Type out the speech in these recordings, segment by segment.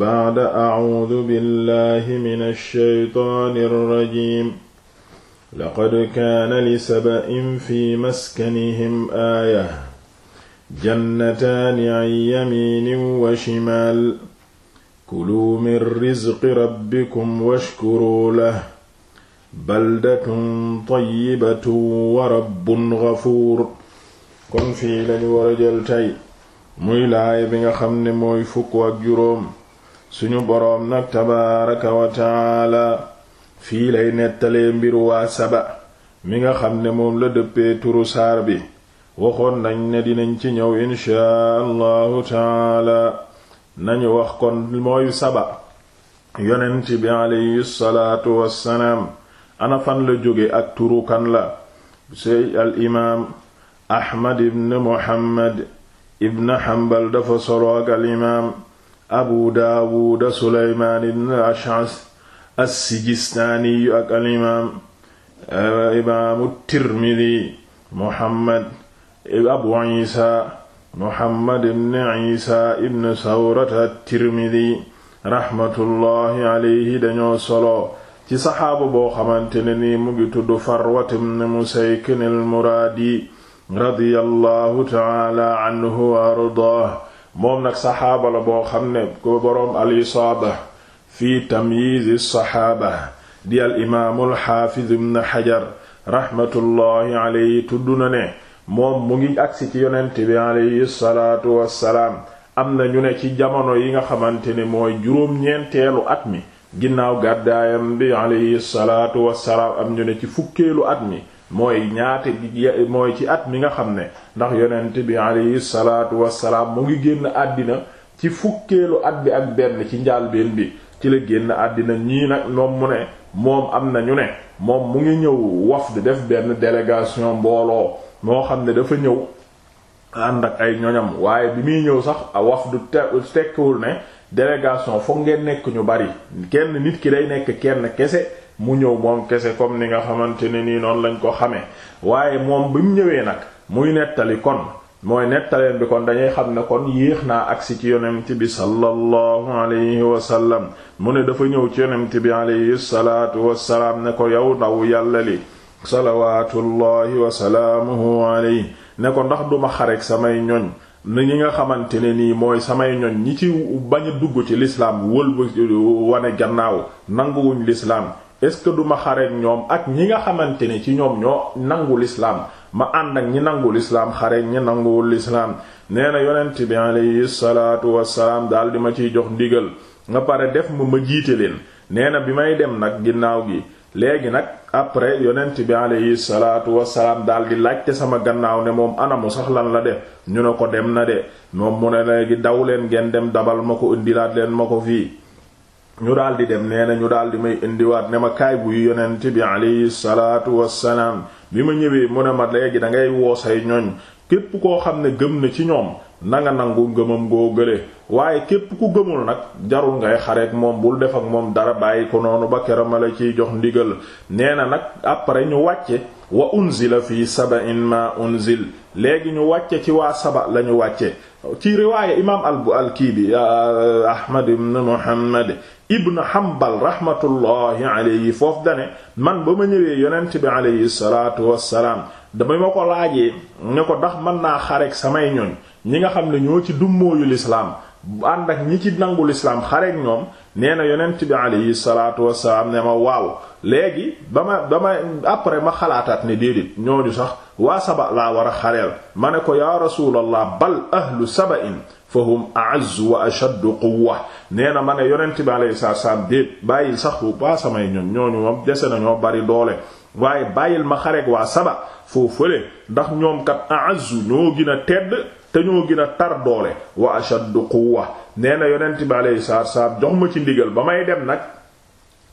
baada acuudu billahi min alsheytaani alrajim laqad kaana lisaba'in fi maskanihim aaya jannataani an yamiinin wa shimaal kuluu min rizqi rabbikum washkuruu lah baldatun tayyibatun wa rabbun ghafuur kon fii lañu war a jël tey muy laaya bi nga xam ne mooy fukk ak juróom suñu boroom nag tabaaraka wa taala fii lay nettalee mbiru waa saba mi nga xam ne moom la dëppee turu saar bi waxoon nañ ne dinañ ci ñëw inshaa allahu taala nañu wax kon mooy saba yonent bi aleyhi salaatu wassalaam ana fan la jóge ak turu kan la sey al ahmad ibn muhammad ibn hanbal dafa solo ak al abu daawuda suleymaan ibn ash'as as-sijistaani yu ak alimaam eh, imaamu tirmidi muhammad abu isa muhammad ibn isa ibn sawrata at-tirmidi raxmatullahi alayhi dañoo solo ci saxaaba boo xamante ne nii mu ngi tudd farwat ibn musaykin al-muraadi radiyallahu taala anhu wa ardaah moom nag saxaabala boo xam ne ko boroom al isaaba fi tamyiz saxaaba di al imaamu al xaafiz ibn xajar raxmatullaahi alayhi tudd na ne moom mu ngi agsi ci yonent bi am na ñu ne ci jamono yi nga xamante ne mooy juróom-ñeenteelu at mi ginnaaw gàddaayam bi alayhi salaatu wassalaam am ñu ne ci fukkeelu at mi mooy ñaate mooy ci at mi nga xam ne ndax yonent bi alayhi salaatu wassalaam mu ngi génn àddina ci fukkeelu at bi ak benn ci njaalbeen bi ci la génn àddina ñi nag moom mu ne moom am na ñu ne moom mu ngi ñëw wax du def benn délégation mbooloo moo xam ne dafa ñëw ànd ak ay ñoñam waaye bi muy ñëw sax a waf du tekkiwul ne délégation foog ngeen nekk ñu bari kenn nit ki day nekk kenn kese mu ñëw moom kese comme ni nga xamante ne nii noonu lañ ko xamee waaye moom bi ñu ñëwee nag muy nettali kon mooy nettaleen bi kon dañuy xam ne kon yéex naa agsi ci yonent bi sallallahu alayhi wasallam mu ne dafa ñëw ci yonent bi alayhi salaatu wassalaam ne ko yow ndaw yàlla li salawaatullahi wasalaamuhu alayhi ne ko ndax duma xarek samay ñoñ ni nga xamante ne nii mooy samay ñoñ ñi ci bañ dugg ci lislaam wël wane gannaaw nanguwuñ lislaam est-ce que du ma ñoom ak ñi nga xamante ne ci ñoom ñoo nangu lislaam ma ànd ak ñi nangu lislaam xareek ñi nanguwul lislaam nee na yonent bi alayhi salaatu wassalaam daal di ma ciy jox ndigal nga pare def ma ma jiite leen nee na bi may dem nag ginnaaw gi léegi nag après yonent bi alayhi salaatu wassalaam daal di laajte sama gannaaw ne moom anamu sax lan la def ñu ne ko dem na de moom mu ne léegi daw leen ngeen dem dabal ma ko indilaat leen ma ko fii ñu daal di dem nee na ñu daal di may indiwaat ne ma kaay buy yonent bi alayhi salaatu wassalaam bi ma ñëwee mu ne ma léegi da ngay woo say ñoñ képp koo xam ne gëm na ci ñoom nanga nangu ngëmam goo gële waaye képp ku gëmul nag jarul ngay xareek moom bul def ak moom dara bàyyi ko noonu ba kerama la ciy jox ndigal nee na nag après ñu wàcce wa unzila fi saba'in ma unzil léegi ñu wàcce ci waa saba la ñu wàcce ci riwaaya imaam al bu kii bi ahmad ibn muhammad ibn hanbal rahmatullahi alayhi foofu dane man ba ma ñëwee yonent bi alayhi salaatu wassalaam dama ma ko laajee ne ko ndax man naa xareek samay ñoñ ñi nga xam ne ñoo ci dummóoyu lislaam ànd ak ñi ci nangu lislaam xareek ñoom nee na yonent bi alayhi salaatu wasalaam ne ma waaw léegi ba ma ba après ma xalaataat ne déedéet ñooñu sax waa saba laa war a xareel ma ne ko yaa rasulallah bal ahlu saba'in fahum a'azzu wa ashaddu quwwa nee na ma ne yonent bi alayhi salaatu wasalaam déet bàyyil sax waa samay ñoom ñooñu moom dese nañoo bari doole waaye bàyyil ma xareeg waa saba foofu ndax ñoom kat a'azzu ñoo gën a tedd te ñoo gën a tar doole wa ashaddu quwwa nee na yonent bi alayhi salaatu salaam jox ma ci ndigal ba may dem nag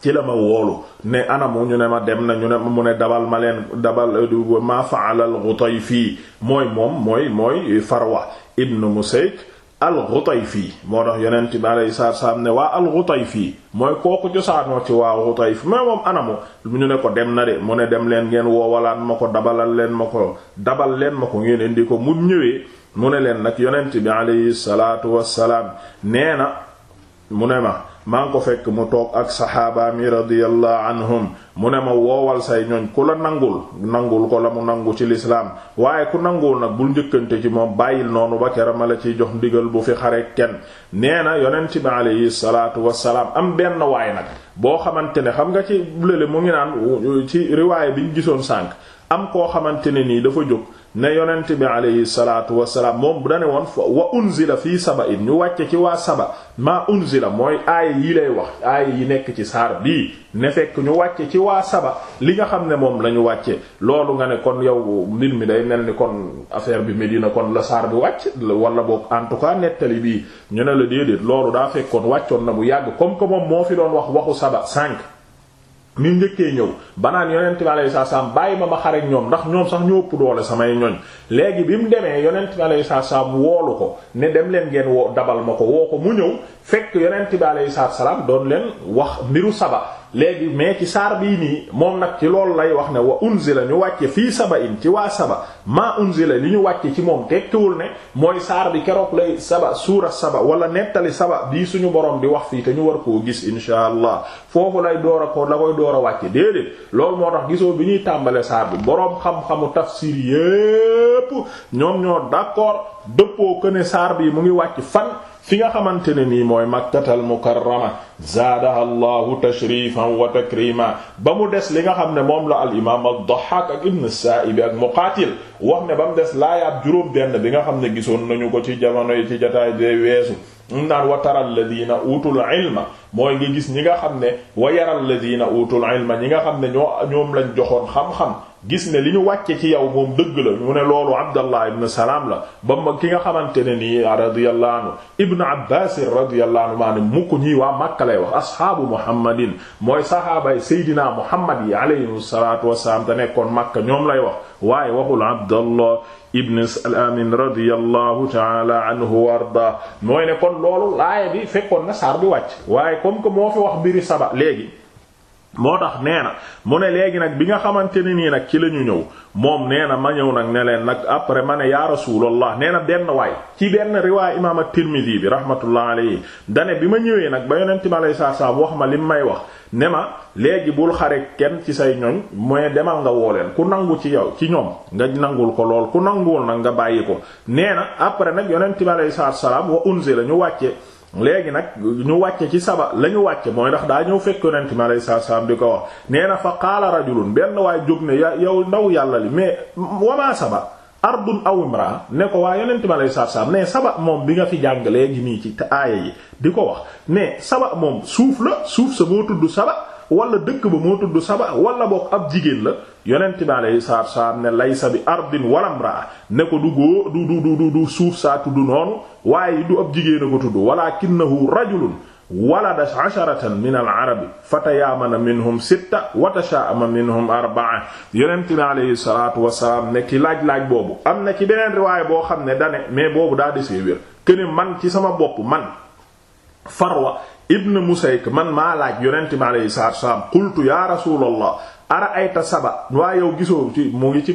ci la ma woolu ne anamu ñu ne ma dem na ñu ne mu ne dabal ma leen dabal ma fa'ala al fii mooy moom mooy mooy Farwa ibn Musayk al fii moo tax yonent bi alayhi salaatu salaam ne waa al fii mooy kooku cosaanoo ci waa Ghutayf mais moom anamu mu ñu ne ko dem na de mu ne dem leen ngeen woowalaan ma ko dabalal leen ma ko dabal leen ma ko ngeen indi ko mun ñëwee mu ne leen nag yonent bi alayhi salaatu wassalaam nee na mu ne ma maa ngi ko fekk mu toog ak saxaaba mi radiyallahu anhum mu ne ma woowal say ñoñ ku la nangul nangul ko la mu nangu ci lislaam waaye ku nanguwul nag bul njëkkante ci moom bàyyil noonu ba kera ma la ciy jox ndigal bu fi xare kenn nee na yonent bi alayhi salaatu salaam am benn waay nag boo xamante ne xam nga ci lële mu ngi naan ci riwaaya bi ñu gisoon sànq am koo xamante ne nii dafa jóg ne yonent bi aleyhi salaatu wasalaam moom dane woon wa unzila fii saba it ñu wàcce ci waa saba maa unzila mooy aaya yii lay wax aaya yi nekk ci saar bii ne fekk ñu wàcce ci waa saba li nga xam ne moom la ñu wàcce loolu nga ne kon yow mbir mi day mel ni kon affaire bi Medina kon la saar bi wàcc wala boog en tout cas nettali bii ñu ne la déedéet loolu daa fekkoon wàccoon na bu yàgg comme que moom moo fi doon wax waxu saba cinq mi njëkkee ñëw banaan yonent bi alayhi salaam bàyyi ma ma xare ñoom ndax ñoom sax ñu ëpp doole samay ñoñ léegi bi mu demee yonent bi alayhi salaam woolu ko ne dem leen ngeen woo dabal ma ko woo ko mu ñëw fekk yonent bi alayhi salaam doon leen wax mbiru saba léegi mais ci saar bii nii moom nag ci loolu lay wax ne wa unzila ñu wàcce fii saba in ci waa saba maa unzila li ñu wàcce ci moom tekkiwul ne mooy saar bi keroog lay saba suura saba wala nettali saba bii suñu borom di wax fii te ñu war koo gis insha allah foofu lay door a ko la koy door a wàcce déedéet loolu moo tax gisoo bi ñuy tàmbale saar bi boroom xam-xamu tafsir yépp ñoom ñoo d'accord dëppoo ko ne saar bii mu ngi wàcc fan fi nga xamante ne nii mooy makkatal mukarrama zaadaha llahu tashrifan wa takrima ba mu des li nga xam ne moom la al imam ad-Dahhak ak ibn Sa'ib ak Muqatil wax ne ba mu des laayaat juróom benn bi nga xam ne gisoon nañu ko ci jamono yi ci jotaay de weesu mu naan wa tara alladina utul ilma mooy nga gis ñi nga xam ne wa yara alladina utul ilma ñi nga xam ne ñoo ñoom lañ joxoon xam-xam gis ne li ñu wàcce ci yow moom dëgg la mu ne loolu abdallah ibn salaam la ba ma ki nga xamante ne nii radiyallahu anhu ibn abbas radiyallahu anhu maa ne mukk ñii waa Makka lay wax asxaabu muhammadin mooy saxaabay seydina muhammad yi alayhi salatu wasalaam te nekkoon Makka ñoom lay wax waaye waxul abdallah ibn salaamin radiyallahu taala anhu wa arda mooy ne lool loolu bi fekkoon na saar bi wàcc waaye comme que moo fi wax mbiri saba léegi moo tax nee na mu ne léegi nag bi nga xamante ne nii nag ci la ñu ñëw moom nee na ma ñëw nag ne leen nag après ma ne yaa rasulallah nee na benn waay ci benn riwaay imaam at-Tirmidhi bi rahmatullah alayhi dane bi ma ñëwee nag ba yonent mi alayhi salaatu salaam wax ma li may wax ne ma léegi bul xare kenn ci say ñoñ mooy demal nga woo leen ku nangu ci yow ci ñoom nga nangul ko lool ku nanguwul nag nga bàyyi ko nee na après nag yonent mi alayhi salaatu salaam wa unzila ñu wàcce léegi nag ñu wàcce ci saba la ñu wàcce mooy ndax daa ñëw fekk yonent mi alayhi salaam di ko wax nee na fa qaala rajulun benn waay jóg ne yow ndaw yàlla li mais wamaa saba ardun aw imraa ne ko waa yonent mi alayhi salaam ne saba moom bi nga fi jàng léegi nii ci te aaya yi di ko wax ne saba moom suuf la suuf sa boo tudd saba wala dëkk ba moo tudd saba wala bokk ab jigéen la yonent bi alayhi salaatu salaam ne laysa bi ardin walam raa ne ko du góo du du du du suuf saa tudd noonu waaye du ab jigéen a ko tudd walakinahu rajulun walada asharatan min al arabi fatayaamana minhum sitta wa tashaama minhum arbaa yonent bi alayhi salaatu wasalaam ne ki laaj-laaj boobu am na ci beneen riwaay boo xam ne dane mais boobu daa desee wér kene man ci sama bopp man farwa ibn musayk man maa laaj yonent bi alayhi salaatu wassalaam qultu ya rasulallah ara ayta saba waa yow gisoo ci mu ngi ci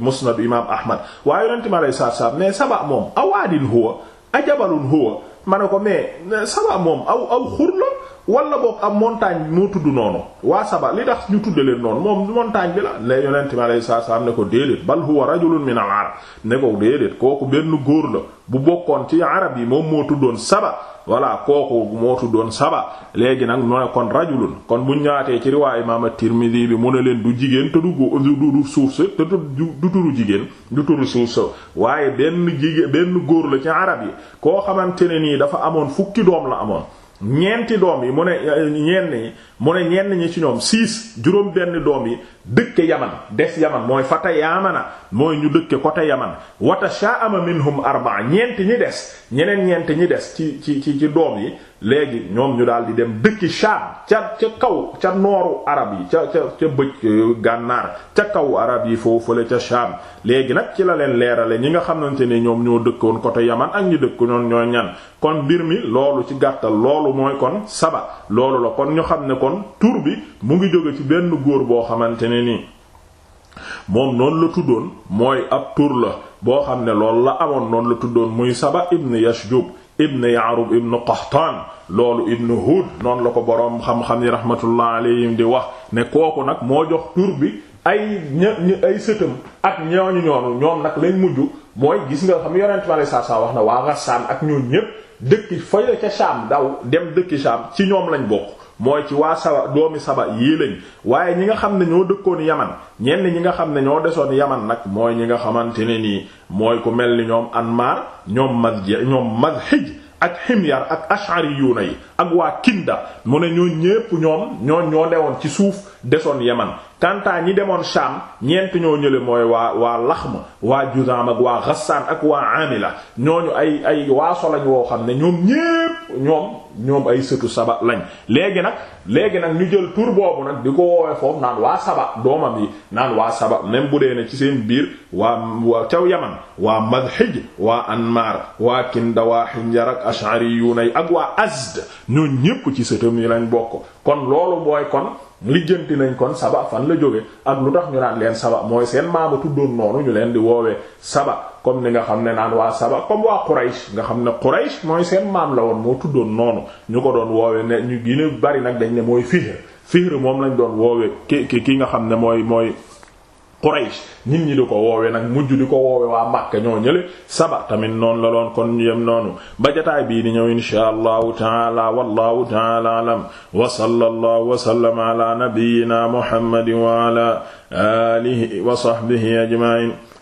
musnad imaam ahmad waa yonent bi alayhi salaatu wassalaam mais saba moom awaadin huwa ajabalun ma ne ko mais saba moom aw xur la wala boog am montagne moo tudd noonu waa saba li tax ñu tudde leen noonu moom montagne bi la ne yonent bi alayhi salaatu ne ko déedéet bal huwa rajulun min al arab ne ko déedéet kooku benn góor la bu bokkoon ci arab yi moom moo tuddoon saba voilà kooku moo doon saba léegi nag moo ne kon rajulun kon bu ñaatee ci riwaayu imaam at-Tirmidhi bi mu ne leen du jigéen te du du suuf sa te du turu jigéen du turu suuf sa waaye benn jigéen benn góor la ci arab yi koo xamante ne nii dafa amoon fukki doom la amoon ñeenti doom yi mu ne ñenn ñi mu ne ñenn ñi ci ñoom six juróom benn doom yi dëkk yaman des yaman mooy fata yaamana mooy ñu dëkke côté yaman wata sha'ama minhum arbaa ñeent ñi des ñeneen ñeent ñi des ci ci ci ci doom yi léegi ñoom ñu daal di dem dëkki Shaam ca ca kaw ca nooru arab yi ca ca ca bëj gànnaar ca kaw arab yi foofule ca Shaam léegi nag ci la leen leerale ñi nga xamante ne ñoom ñoo dëkkoon côté yaman ak ñu dëkk ñoon ñooy ñan kon mbir mi loolu ci gàttal loolu mooy kon saba loolu la kon ñu xam ne kon tur bi mu ngi jóge ci benn góor boo xamante ne ne nii moom noonu la tuddoon mooy ab tur la boo xam ne loolu la amoon noonu la tuddoon muy Saba ibn Yashjub ibn Ya'rub ibn Qahtaan loolu ibn Hud noonu la ko boroom xam-xam yi rahmatullah alayhim di wax ne kooku nag moo jox tur bi ay ña ay sëtam ak ñooñu ñoonu ñoom nag lañ mujj mooy gis nga xam yonent ma lay saa saa wax na waa Ghassaan ak ñoo ñépp dëkk fayla ca Sham daw dem dëkki Sham ci ñoom lañ bokk mooy ci waa saba doomi saba yii lañ waaye ñi nga xam ne ñoo dëkkoon yaman ñenn ñi nga xam ne ñoo desoon yaman nag mooy ñi nga xamante ne nii mooy ku mel ni ñoom Anmar ñoom Mazj ñoom Mazhij ak ximyar ak ashari yuuna yi ak waa kinda mu ne ñoo ñépp ñoom ñoo ñoo newoon ci suuf desoon yaman kantaa ñi demoon Sham ñeent ñoo ñële mooy waa waa Laxm waa Juzaam ak waa Ghassaan ak waa Amila ñooñu ay ay waaso lañ woo xam ne ñoom ñépp ñoom ñoom ay sëtu saba lañ léegi nag léegi nag ñu jël tur boobu nag di ko woowee foofu naan waa saba doomam yi naan waa saba même bu dee ne ci seen biir waa waa caw yaman waa madhij waa anmar waa kinda waa xinjar ak ashari yu nay ak waa azd ñoo ñépp ci sëtam yi lañ bokk kon loolu mooy kon lijjanti nañ kon saba fan la jóge ak lu tax ñu naan leen saba mooy seen maama tuddoon noonu ñu leen di woowee saba comme ni nga xam ne naan waa Saba comme waa Quraysh nga xam ne Quraysh mooy seen maam la woon moo tuddoon noonu ñu ko doon woowe ne ñu gën bari nag dañ ne mooy Fihr Fihr moom lañ doon woowe ki ki nga xam ne mooy mooy Quraysh nit ñi di ko woowe nag mujj di ko woowe waa Makka ñoo ñële Saba tamit noonu la loon kon ñu noonu ba jotaay bii di ñëw inshaa Allahu taala wallahu taala alam wa sallallahu wa sallama ala nabiyyina Muhammadin wa ala alihi wa sahbihi ajma'in